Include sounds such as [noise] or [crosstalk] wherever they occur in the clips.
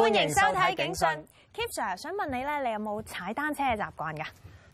歡迎收睇《警訊》。Sir, 想問你咧，你有冇踩單車嘅習慣噶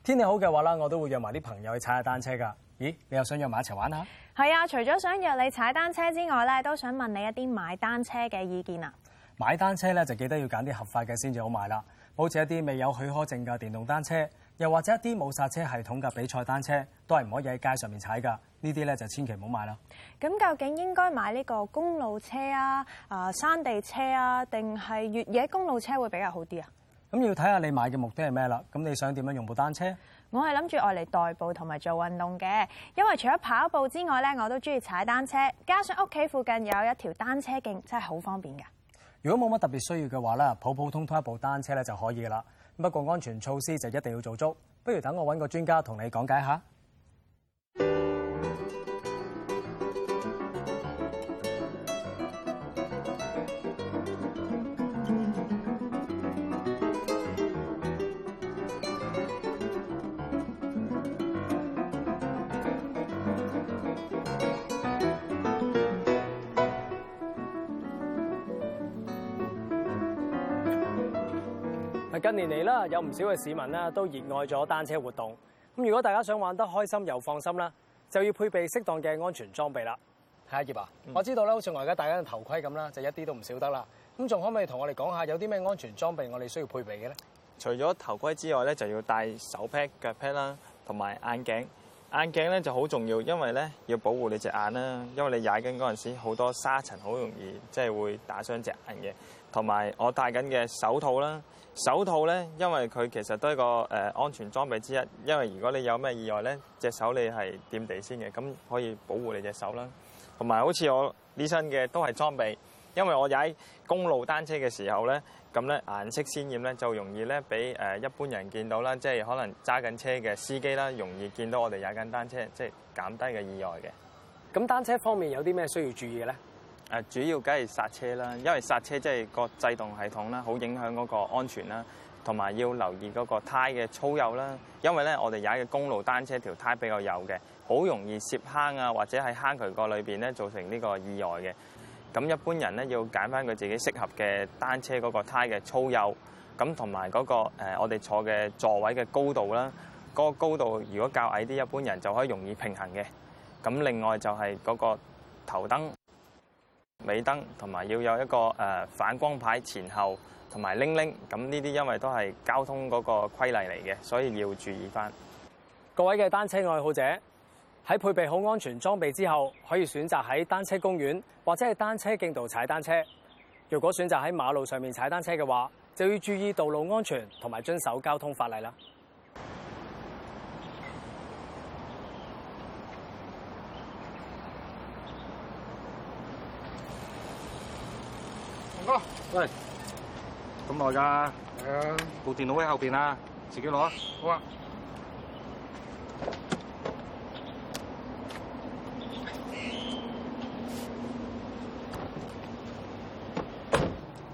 天氣好嘅話啦，我都會約埋啲朋友去踩下單車噶。咦，你又想約埋一齊玩下？係啊，除咗想約你踩單車之外咧，都想問你一啲買單車嘅意見啊。買單車咧就記得要揀啲合法嘅先至好買啦。好似一啲未有許可證嘅電動單車，又或者一啲冇剎車系統嘅比賽單車，都係唔可以喺街上面踩噶。這些呢啲咧就千祈唔好買啦。咁究竟應該買呢個公路車啊，誒、啊，山地車啊，定係越野公路車會比較好啲啊？咁要睇下你買嘅目的係咩啦？咁你想點樣用部單車？我係諗住愛嚟代步同埋做運動嘅，因為除咗跑步之外咧，我都中意踩單車，加上屋企附近有一條單車徑，真係好方便噶。如果冇乜特別需要嘅話咧，普普通通一部單車咧就可以噶啦。不過安全措施就一定要做足，不如等我揾個專家同你講解下。 [music] 近年嚟啦，有唔少嘅市民啦都熱愛咗單車活動。咁如果大家想玩得開心又放心啦，就要配備適當嘅安全裝備啦。係阿葉啊，啊嗯、我知道啦，好似我而家戴緊頭盔咁啦，就一啲都唔少得啦。咁仲可唔可以同我哋講下有啲咩安全裝備我哋需要配備嘅咧？除咗頭盔之外咧，就要戴手 pad、腳 pad 啦，同埋眼鏡。眼鏡咧就好重要，因為咧要保護你隻眼啦。因為你踩緊嗰陣時，好多沙塵好容易即係、就是、會打傷隻眼嘅。同埋我戴緊嘅手套啦，手套咧因為佢其實都係個誒、呃、安全裝備之一。因為如果你有咩意外咧，隻手你係掂地先嘅，咁可以保護你隻手啦。同埋好似我呢身嘅都係裝備。因為我踩公路單車嘅時候咧，咁咧顏色鮮豔咧，就容易咧俾誒一般人見到啦，即係可能揸緊車嘅司機啦，容易見到我哋踩緊單車，即係減低嘅意外嘅。咁單車方面有啲咩需要注意嘅咧？誒，主要梗係煞車啦，因為煞車即係個制動系統啦，好影響嗰個安全啦，同埋要留意嗰個胎嘅粗幼啦。因為咧，我哋踩嘅公路單車條胎比較幼嘅，好容易攝坑啊，或者喺坑渠個裏邊咧造成呢個意外嘅。咁一般人咧要揀翻佢自己適合嘅單車嗰個胎嘅粗幼，咁同埋嗰個誒我哋坐嘅座位嘅高度啦，嗰個高度如果較矮啲，一般人就可以容易平衡嘅。咁另外就係嗰個頭燈、尾燈同埋要有一個誒反光牌前後同埋鈴鈴，咁呢啲因為都係交通嗰個規例嚟嘅，所以要注意翻。各位嘅單車愛好者。喺配備好安全裝備之後，可以選擇喺單車公園或者係單車徑度踩單車。如果選擇喺馬路上面踩單車嘅話，就要注意道路安全同埋遵守交通法例啦。龍哥，喂，咁耐㗎？係啊的，部電腦喺後邊啊，自己攞啊。好啊。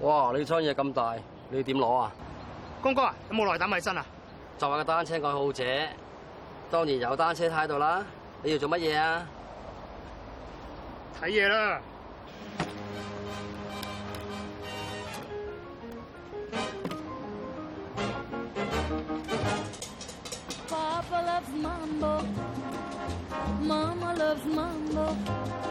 哇！你嘅嘢咁大，你要點攞啊？公哥，有冇內膽喺身啊？就係個單車愛好者，當然有單車喺度啦。你要做乜嘢啊？睇嘢啦。 [music]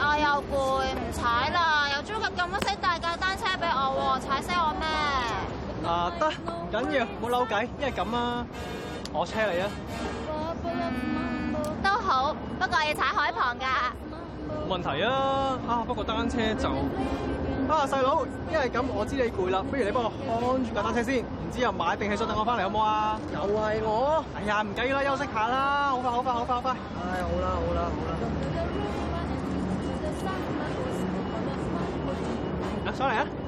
我又攰，唔踩啦。又租架咁嘅細大架單車俾我喎，踩死我咩？啊得，唔緊要，冇扭計，一係咁啦。我車你啊、嗯，都好，不過要踩海旁㗎。冇問題啊，啊不過單車就，啊細佬，一係咁，我知你攰啦，不如你幫我看住架單車先，然之後買定汽水等我翻嚟，好唔好啊？又係我，哎呀，唔緊要啦，休息下啦，好快好快好快好快，好快，哎好啦好啦好啦。好上來啊。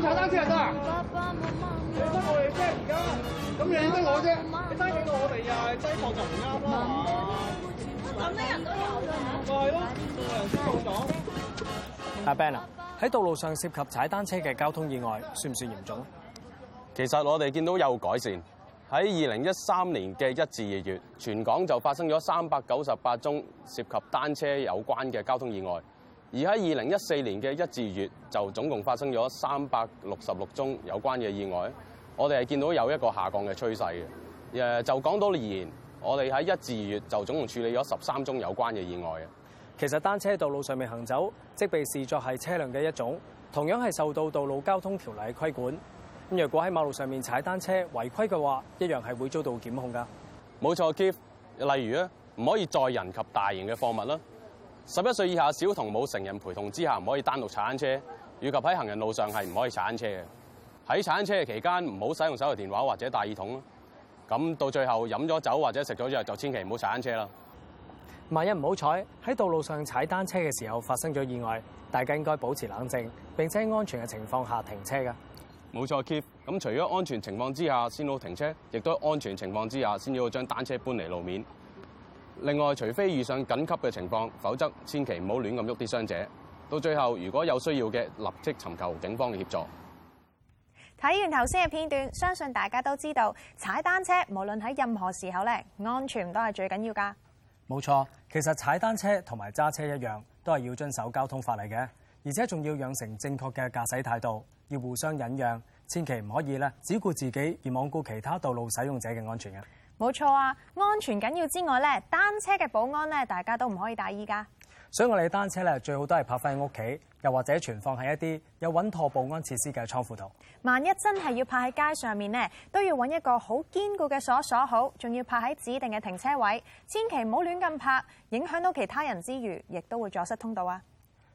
踩單車啊得啊！你得我哋啫，而家咁你得我啫，你低到我哋又係低過就唔啱啦。咁咩人都有㗎。係咯，又真係好講。阿 Ben 喺道路上涉及踩單車嘅交通意外，算唔算嚴重咧？其實我哋見到有改善。喺二零一三年嘅一至二月，全港就發生咗三百九十八宗涉及單車有關嘅交通意外。而喺二零一四年嘅一至二月，就總共發生咗三百六十六宗有關嘅意外，我哋係見到有一個下降嘅趨勢嘅。誒，就講到而言，我哋喺一至二月就總共處理咗十三宗有關嘅意外啊。其實單車道路上面行走，即被視作係車輛嘅一種，同樣係受到道路交通條例的規管。咁若果喺馬路上面踩單車違規嘅話，一樣係會遭到檢控噶。冇錯，G，例如啊，唔可以載人及大型嘅貨物啦。十一歲以下小童冇成人陪同之下唔可以單獨踩單車，以及喺行人路上係唔可以踩單車嘅。喺踩單車嘅期間唔好使用手提電話或者大耳筒。咁到最後飲咗酒或者食咗之後就千祈唔好踩單車啦。萬一唔好彩喺道路上踩單車嘅時候發生咗意外，大家應該保持冷靜，並且喺安全嘅情況下停車噶。冇錯，Keep。咁除咗安全情況之下先好停車，亦都安全情況之下先要將單車搬離路面。另外，除非遇上緊急嘅情況，否則千祈唔好亂咁喐啲傷者。到最後，如果有需要嘅，立即尋求警方嘅協助。睇完頭先嘅片段，相信大家都知道，踩單車無論喺任何時候咧，安全都係最緊要噶。冇錯，其實踩單車同埋揸車一樣，都係要遵守交通法例嘅，而且仲要養成正確嘅駕駛態度，要互相忍讓，千祈唔可以咧只顧自己而罔顧其他道路使用者嘅安全嘅。冇錯啊！安全緊要之外咧，單車嘅保安咧，大家都唔可以大意噶。所以我哋單車咧，最好都係泊翻喺屋企，又或者存放喺一啲有穩妥保安設施嘅倉庫度。萬一真係要泊喺街上面咧，都要搵一個好堅固嘅鎖鎖好，仲要泊喺指定嘅停車位，千祈唔好亂咁泊，影響到其他人之餘，亦都會阻塞通道啊！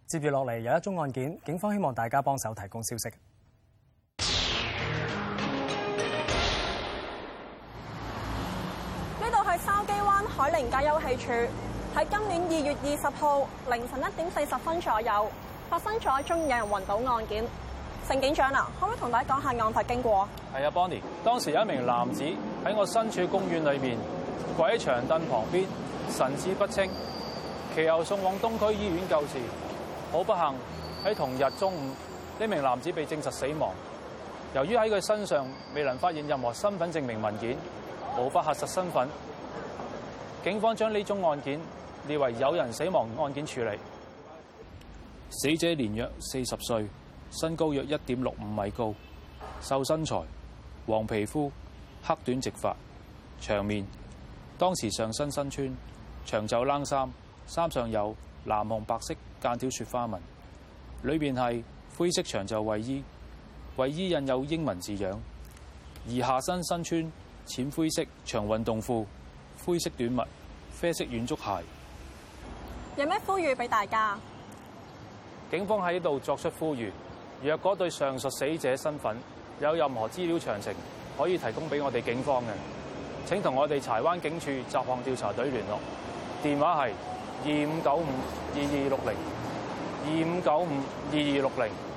接住落嚟有一宗案件，警方希望大家幫手提供消息。海寧街休憩處喺今年二月二十號凌晨一點四十分左右發生咗宗有人暈倒案件，盛警長啊，可唔可以同大家講下案發經過啊？係啊 Bonnie，當時有一名男子喺我身處公園裏面，跪喺長凳旁邊，神志不清，其後送往東區醫院救治，好不幸喺同日中午呢名男子被證實死亡。由於喺佢身上未能發現任何身份證明文件，無法核實身份。警方將呢宗案件列為有人死亡案件處理。死者年約四十歲，身高約一點六五米高，瘦身材，黃皮膚，黑短直髮，長面。當時上身身穿長袖冷衫，衫上有藍紅白色間條雪花紋，裏面係灰色長袖衞衣，衞衣印有英文字樣。而下身身穿淺灰色長運動褲。灰色短襪、啡色軟足鞋，有咩呼籲俾大家？警方喺度作出呼籲，若果對上述死者身份有任何資料詳情，可以提供俾我哋警方嘅，請同我哋柴灣警署雜項調查隊聯絡，電話係二五九五二二六零二五九五二二六零。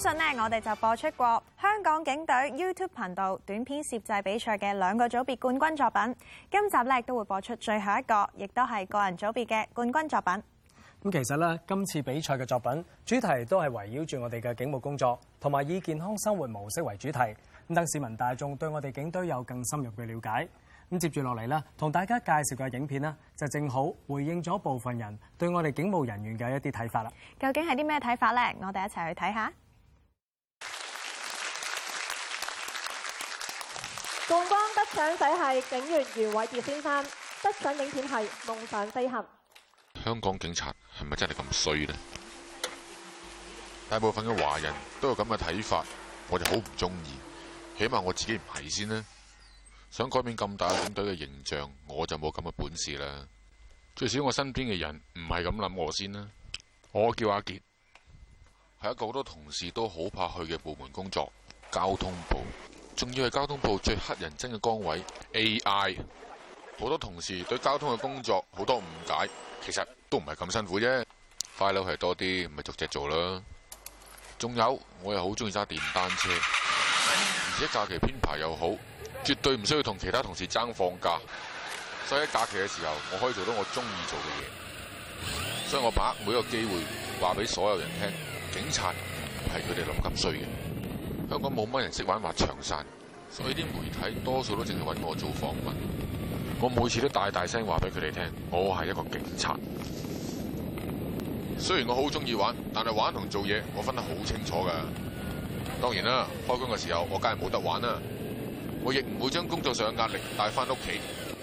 相信呢，我哋就播出過香港警隊 YouTube 頻道短片攝製比賽嘅兩個組別冠軍作品。今集呢都會播出最後一個，亦都係個人組別嘅冠軍作品。咁其實呢，今次比賽嘅作品主題都係圍繞住我哋嘅警務工作，同埋以健康生活模式為主題，咁等市民大眾對我哋警隊有更深入嘅了解。咁接住落嚟咧，同大家介紹嘅影片呢，就正好回應咗部分人對我哋警務人員嘅一啲睇法啦。究竟係啲咩睇法咧？我哋一齊去睇下。共光得獎仔係警員袁偉杰先生，得獎影片係《夢想飛行》。香港警察係咪真係咁衰呢？大部分嘅華人都有咁嘅睇法，我就好唔中意。起碼我自己唔係先啦。想改變咁大嘅警隊嘅形象，我就冇咁嘅本事啦。最少我身邊嘅人唔係咁諗我先啦。我叫阿杰，喺一個好多同事都好怕去嘅部門工作，交通部。仲要係交通部最乞人憎嘅崗位，AI。好多同事對交通嘅工作好多誤解，其實都唔係咁辛苦啫，快樂係多啲，咪逐隻做啦。仲有，我又好中意揸電單車，而且假期編排又好，絕對唔需要同其他同事爭放假。所以喺假期嘅時候，我可以做到我中意做嘅嘢，所以我把握每個機會話俾所有人聽：警察係佢哋諗咁衰嘅。香港冇乜人識玩滑翔傘，所以啲媒體多數都淨係搵我做訪問。我每次都大大聲話俾佢哋聽，我係一個警察。雖然我好中意玩，但係玩同做嘢我分得好清楚噶。當然啦，開工嘅時候我梗係冇得玩啦。我亦唔會將工作上嘅壓力帶翻屋企。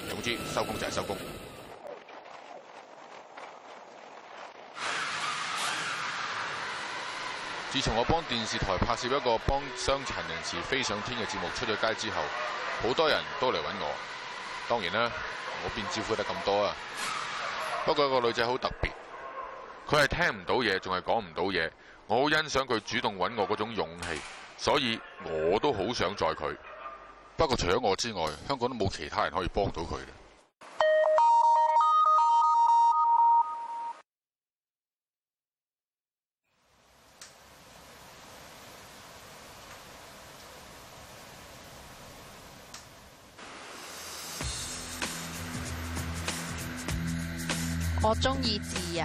總之，收工就係收工。自從我幫電視台拍攝一個幫傷殘人士飛上天嘅節目出咗街之後，好多人都嚟揾我。當然啦，我邊招呼得咁多啊？不過個女仔好特別，佢係聽唔到嘢，仲係講唔到嘢。我好欣賞佢主動揾我嗰種勇氣，所以我都好想載佢。不過除咗我之外，香港都冇其他人可以幫到佢。我中意自由。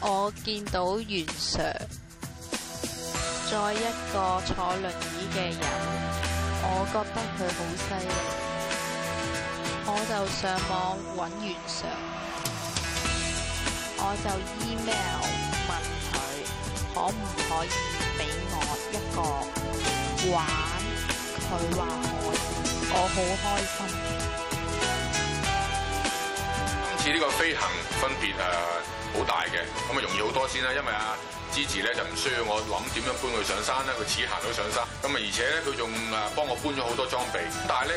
我見到袁 sir，再一個坐輪椅嘅人，我覺得佢好犀利。我就上網揾袁 sir，我就 email 問佢可唔可以俾我一個玩？佢話我我好開心。呢個飛行分別誒好大嘅，咁啊容易好多先啦，因為啊支持咧就唔需要我諗點樣搬佢上山咧，佢似行到上山，咁啊而且咧佢仲誒幫我搬咗好多裝備，但係咧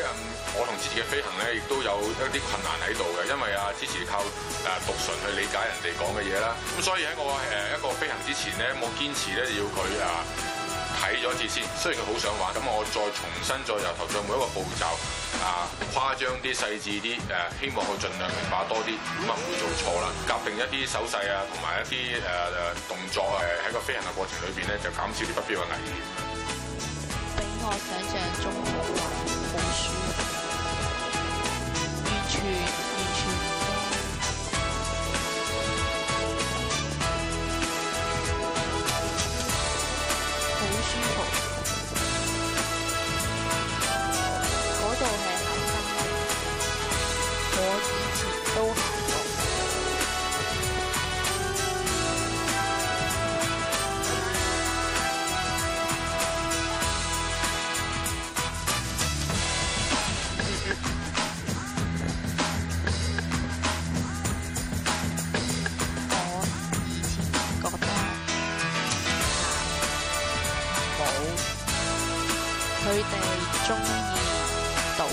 我同支持嘅飛行咧亦都有一啲困難喺度嘅，因為啊支持靠誒讀唇去理解人哋講嘅嘢啦，咁所以喺我誒一個飛行之前咧，我堅持咧要佢啊。起咗一次先，雖然佢好想玩，咁我再重新再由頭上每一個步驟啊，誇張啲、細緻啲，誒，希望佢盡量明白多啲，咁啊唔會做錯啦。夾定一啲手勢啊，同埋一啲誒動作誒喺個飛行嘅過程裏邊咧，就減少啲不必要嘅危險。比我想象中好啊！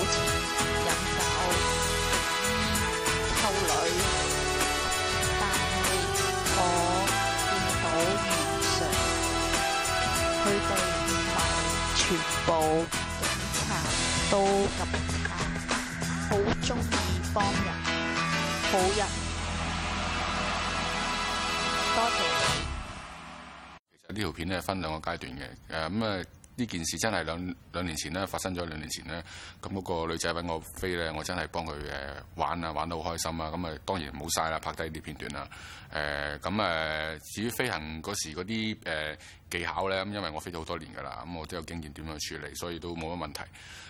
有錢飲酒食衣偷女，但係我見到平常，佢哋唔係全部警察都咁嘅，好中意幫人好人，多謝你。其實呢條片咧分兩個階段嘅，咁啊。呢件事真係兩兩年前咧發生咗，兩年前咧，咁、那、嗰個女仔揾我飛咧，我真係幫佢誒玩啊，玩得好開心啊，咁啊當然冇晒啦，拍低啲片段啦，誒咁誒至於飛行嗰時嗰啲誒技巧咧，咁因為我飛咗好多年㗎啦，咁我都有經驗點樣處理，所以都冇乜問題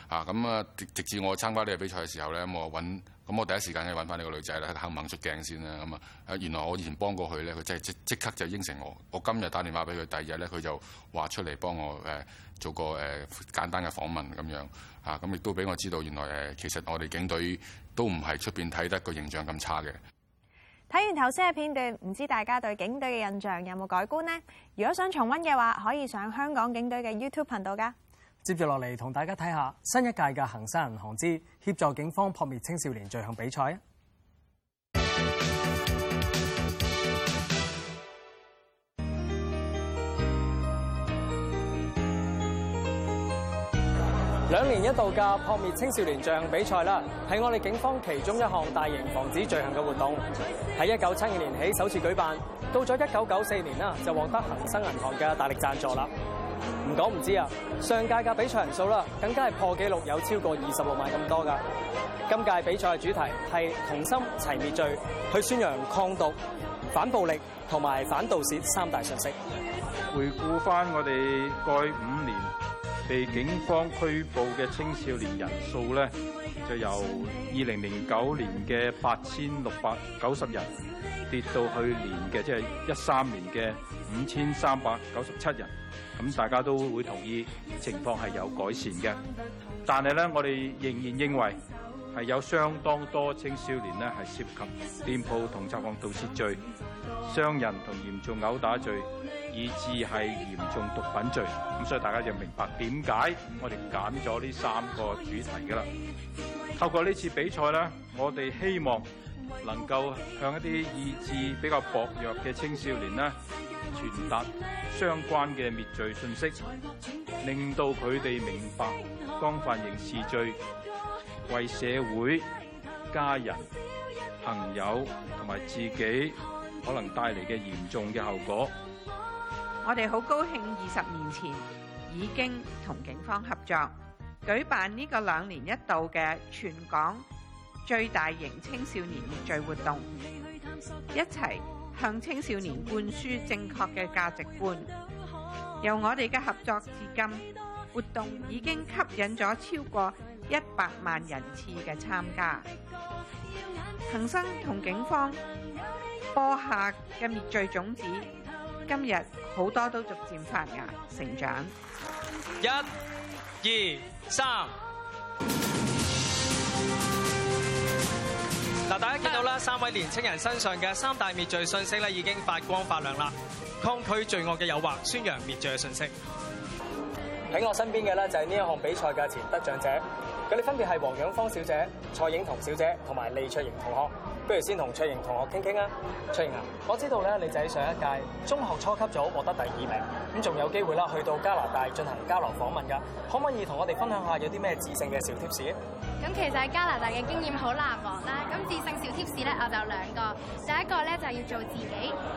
啊，咁啊直至我參加呢個比賽嘅時候咧，我揾。咁我第一時間要揾翻呢個女仔咧，肯唔肯出鏡先啦，咁啊，原來我以前幫過佢咧，佢真係即即刻就應承我。我今日打電話俾佢，第二日咧佢就話出嚟幫我誒做個誒簡單嘅訪問咁樣。啊，咁亦都俾我知道，原來誒其實我哋警隊都唔係出邊睇得個形象咁差嘅。睇完頭先嘅片段，唔知大家對警隊嘅印象有冇改觀呢？如果想重温嘅話，可以上香港警隊嘅 YouTube 頻道㗎。接住落嚟，同大家睇下新一屆嘅恒生銀行之協助警方撲滅青少年罪行比賽。兩年一度嘅撲滅青少年罪行比賽啦，係我哋警方其中一項大型防止罪行嘅活動。喺一九七二年起首次舉辦，到咗一九九四年啦，就獲得恒生銀行嘅大力讚助啦。唔講唔知啊，上屆嘅比賽人數啦，更加係破紀錄，有超過二十六萬咁多噶。今屆比賽嘅主題係同心齊滅罪，去宣揚抗毒、反暴力同埋反盜竊三大訊息。回顧翻我哋蓋五年被警方拘捕嘅青少年人數咧，就由二零零九年嘅八千六百九十人跌到去年嘅即係一三年嘅五千三百九十七人，咁大家都會同意情況係有改善嘅。但係咧，我哋仍然認為係有相當多青少年咧係涉及店鋪同賊案盜竊罪、傷人同嚴重毆打罪，以至係嚴重毒品罪。咁所以大家就明白點解我哋揀咗呢三個主題嘅啦。透過呢次比賽咧，我哋希望能夠向一啲意志比較薄弱嘅青少年咧傳達相關嘅滅罪信息，令到佢哋明白，干犯刑事罪為社會、家人、朋友同埋自己可能帶嚟嘅嚴重嘅後果。我哋好高興二十年前已經同警方合作。舉辦呢個兩年一度嘅全港最大型青少年滅罪活動，一齊向青少年灌輸正確嘅價值觀。由我哋嘅合作至今，活動已經吸引咗超過一百萬人次嘅參加。恒生同警方播下嘅滅罪種子。今日好多都逐漸發芽成長。一、二、三。嗱，大家見到啦，三位年青人身上嘅三大滅罪信息咧，已經發光發亮啦！抗拒罪惡嘅誘惑，宣揚滅罪嘅信息。喺我身邊嘅咧，就係呢一項比賽嘅前得獎者，佢哋分別係黃養芳小姐、蔡影彤小姐同埋李卓瑩同學。不如先同翠盈同我傾傾啊，翠盈啊，我知道咧，你就喺上一屆中學初級組獲得第二名，咁仲有機會啦去到加拿大進行交流訪問噶，可唔可以同我哋分享下有啲咩致勝嘅小貼士？咁其實喺加拿大嘅經驗好難忘啦。咁致勝小貼士咧，我就有兩個。第一個咧就係、是、要做自己，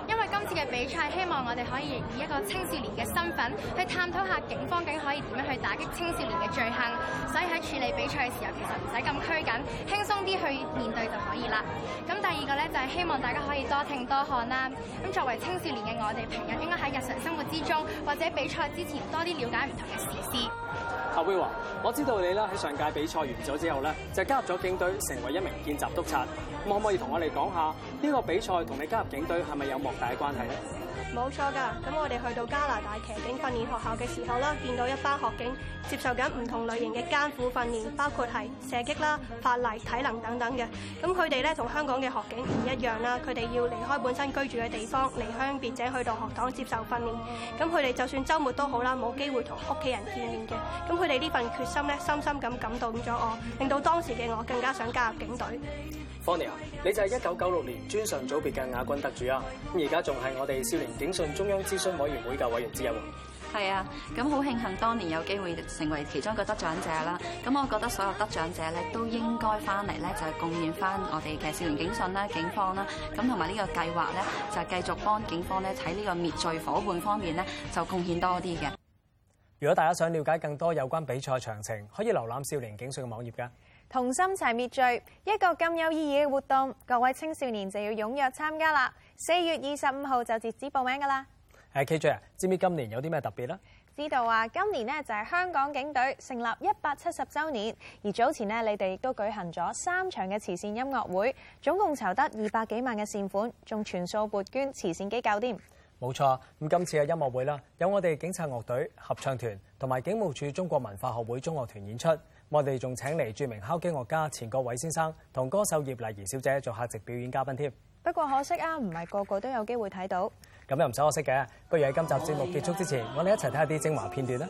因為今次嘅比賽，希望我哋可以以一個青少年嘅身份去探討一下警方竟可以點樣去打擊青少年嘅罪行。所以喺處理比賽嘅時候，其實唔使咁拘謹，輕鬆啲去面對就可以啦。咁第二個咧就係、是、希望大家可以多聽多看啦。咁作為青少年嘅我哋，我平日應該喺日常生活之中或者比賽之前多啲了解唔同嘅時事。校會話：Will，我知道你咧喺上屆比賽完咗之後咧，就加入咗警隊成為一名見習督察。咁可唔可以同我哋講下呢、呢個比賽同你加入警隊係咪有莫大嘅關係咧？冇錯噶，咁我哋去到加拿大騎警訓練學校嘅時候啦，見到一班學警接受緊唔同類型嘅艱苦訓練，包括係射擊啦、法例、體能等等嘅。咁佢哋咧同香港嘅學警唔一樣啦，佢哋要離開本身居住嘅地方，離鄉別井去到學堂接受訓練。咁佢哋就算周末都好啦，冇機會同屋企人見面嘅。咁佢哋呢份決心咧，深深咁感動咗我，令到當時嘅我更加想加入警隊。Fiona，你就係一九九六年專上組別嘅亞軍得主啊！咁而家仲係我哋少年警訊中央諮詢委員會嘅委員之一。係啊，咁好慶幸當年有機會成為其中一個得獎者啦！咁我覺得所有得獎者咧，都應該翻嚟咧，就係貢獻翻我哋嘅少年警訊啦、警方啦，咁同埋呢個計劃咧，就係繼續幫警方咧，喺呢個滅罪伙伴方面咧，就貢獻多啲嘅。如果大家想了解更多有關比賽詳情，可以瀏覽少年警訊嘅網頁噶。同心齊滅罪，一個咁有意義嘅活動，各位青少年就要踴躍參加啦！四月二十五號就截止報名㗎啦。誒，K J 啊，知唔知今年有啲咩特別呢？知道啊，今年呢就係香港警隊成立一百七十週年，而早前呢，你哋都舉行咗三場嘅慈善音樂會，總共籌得二百幾萬嘅善款，仲全數撥捐慈善機構添。冇錯，咁今次嘅音樂會啦，有我哋警察樂隊合唱團同埋警務處中國文化學會中樂團演出。我哋仲請嚟著名敲擊樂家錢國偉先生同歌手葉麗儀小姐做客席表演嘉賓添。不過可惜啊，唔係個個都有機會睇到。咁又唔使可惜嘅，不如喺今集節目結束之前，我哋一齊睇下啲精華片段啦。